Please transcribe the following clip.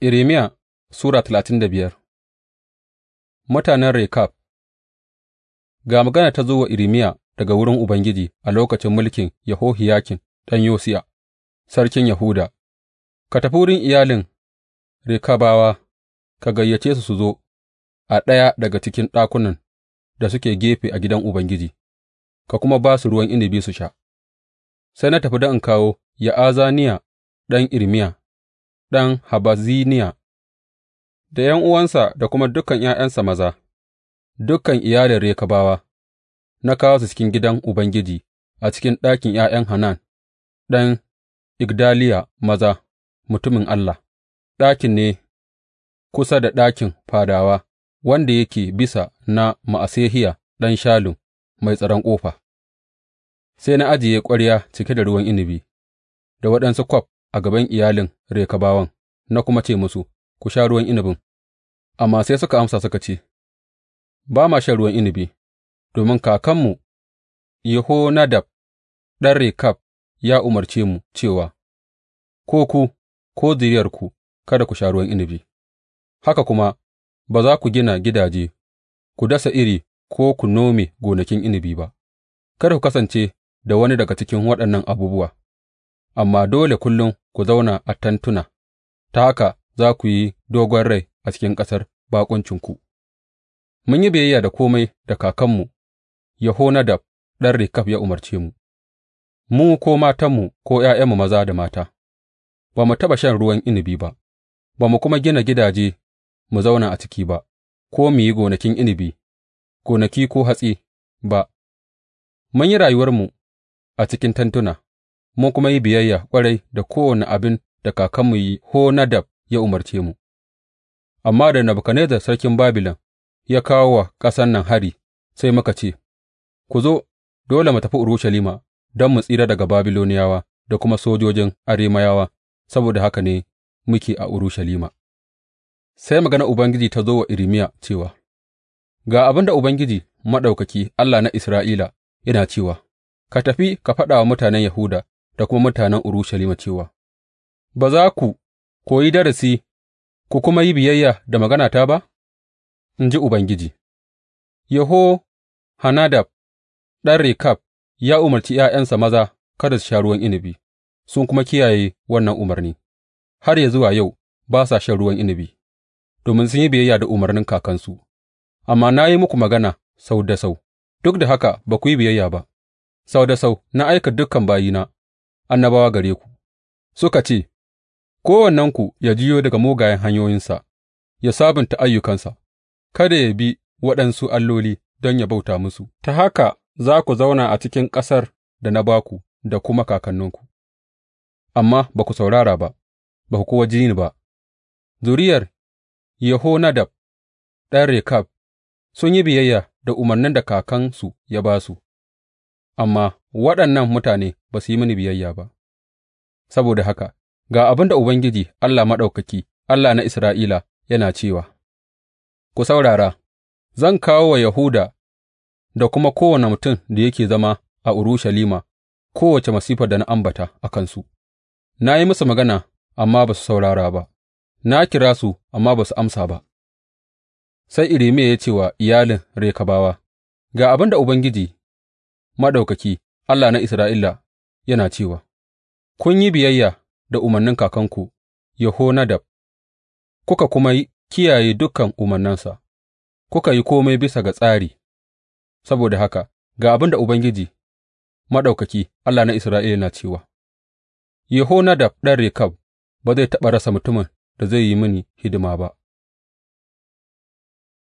Irimiya Sura talatin da biyar Mutanen Rekab Ga magana ta zo wa Irmiya daga wurin Ubangiji a lokacin mulkin Yahohiyakin ɗan Yosiya, sarkin Yahuda, Ka tafi wurin iyalin Rekabawa, ka gayyace su su zo a ɗaya daga cikin ɗakunan da suke gefe a gidan Ubangiji, ka kuma ba su ruwan inibi su sha. Sai na tafi da in kawo ya Ya'azaniya ɗan Irmiya. ɗan Habaziniya. da ’yan'uwansa da kuma dukan ’ya'yansa maza, dukan iyalin Rekabawa, na kawo su cikin gidan Ubangiji a cikin ɗakin ’ya'yan Hanan ɗan Igdaliya maza, mutumin Allah, ɗakin ne kusa da ɗakin fadawa wanda yake bisa na Ma'asehiya ɗan Shallum mai tsaron ƙofa, sai na ajiye ƙwarya cike da ruwan inabi da waɗansu kwaf a gaban iyalin Rekabawan, na kuma ce musu, Ku sha ruwan inabin, amma sai suka amsa suka ce, Ba ma shan ruwan inabi, domin kakanmu Yehonadab ɗan Rekab ya umarce mu cewa, Ko ku, ko zuriyarku, kada ku sha ruwan inabi, haka kuma ba za ku gina gidaje, ku dasa iri ko ku nome gonakin inabi ba, kada ku kasance da wani daga cikin waɗannan abubuwa. amma dole kullum ku zauna a tentuna, ta haka za ku yi dogon rai a cikin ƙasar baƙuncinku. Mun yi biyayya da kome da kakanmu Yehonadab ɗan Rekab ya umarce mu, mu ko matanmu ko ’ya'yanmu maza da mata, ba mu taɓa shan ruwan inibi ba, ba mu kuma gina gidaje mu zauna a ciki ba, ko mu yi gonakin inibi, gonaki ko hatsi ba, mun yi rayuwarmu a cikin tentuna. mun kuma yi biyayya ƙwarai da kowane abin da kakanmu dab ya umarce mu, amma da Nebukadnezzar sarkin Babilon ya kawo wa ƙasan nan hari, sai muka ce, Ku zo, dole mu tafi Urushalima don mu tsira daga Babiloniyawa da kuma sojojin Arameyawa, saboda haka ne muke a Urushalima. Sai magana Ubangiji ta zo wa Irimiya cewa, Ga abin da Ubangiji Maɗaukaki, Allah na Isra'ila, yana cewa, Ka tafi ka faɗa wa mutanen Yahuda da kuma mutanen Urushalima cewa, Ba za ku koyi darasi ku kuma yi biyayya da maganata ba, in ji Ubangiji. Hanadab ɗan Rekab ya umarci ’ya'yansa maza kada su sha ruwan inabi, sun kuma kiyaye wannan umarni, har ya zuwa yau ba sa shan ruwan inabi, domin sun yi biyayya da umarnin kakansu, amma na yi muku magana sau da sau, duk da haka ba ku yi biyayya ba, sau da sau na aika dukkan bayina annabawa gare ku, suka ce, Kowannenku ya jiyo daga mugayen hanyoyinsa, ya sabunta ayyukansa, kada ya bi waɗansu alloli don ya bauta musu, ta haka za ku zauna a cikin ƙasar da na ba ku da kuma kakanninku, amma ba ku saurara ba, ba ku kuwa ji ni ba, zuriyar Yehonadab ɗan Rekab sun yi biyayya da umarnin da kakansu ya ba su, amma waɗannan mutane ba su yi mini biyayya ba, saboda haka ga abin da Ubangiji Allah Maɗaukaki, Allah na Isra'ila, yana cewa, Ku saurara, zan kawo wa Yahuda da kuma kowane mutum da yake zama a Urushalima kowace masifa da na ambata a kansu, na yi musu magana, amma ba su saurara ba, na kira su, amma ba su amsa ba. Sai Irimiya ya ce wa iyalin Rekabawa, Ga abin da Ubangiji Maɗaukaki, Allah na Isra'ila, yana cewa, Kun yi biyayya da umarnin kakanku Yehonadab, kuka kuma kiyaye dukan umarnansa, kuka yi komai bisa ga tsari, saboda haka ga abin da Ubangiji Maɗaukaki, Allah na Isra'ila, yana cewa, Yehonadab ɗan Rekab ba zai taɓa rasa mutumin da zai yi mini hidima ba.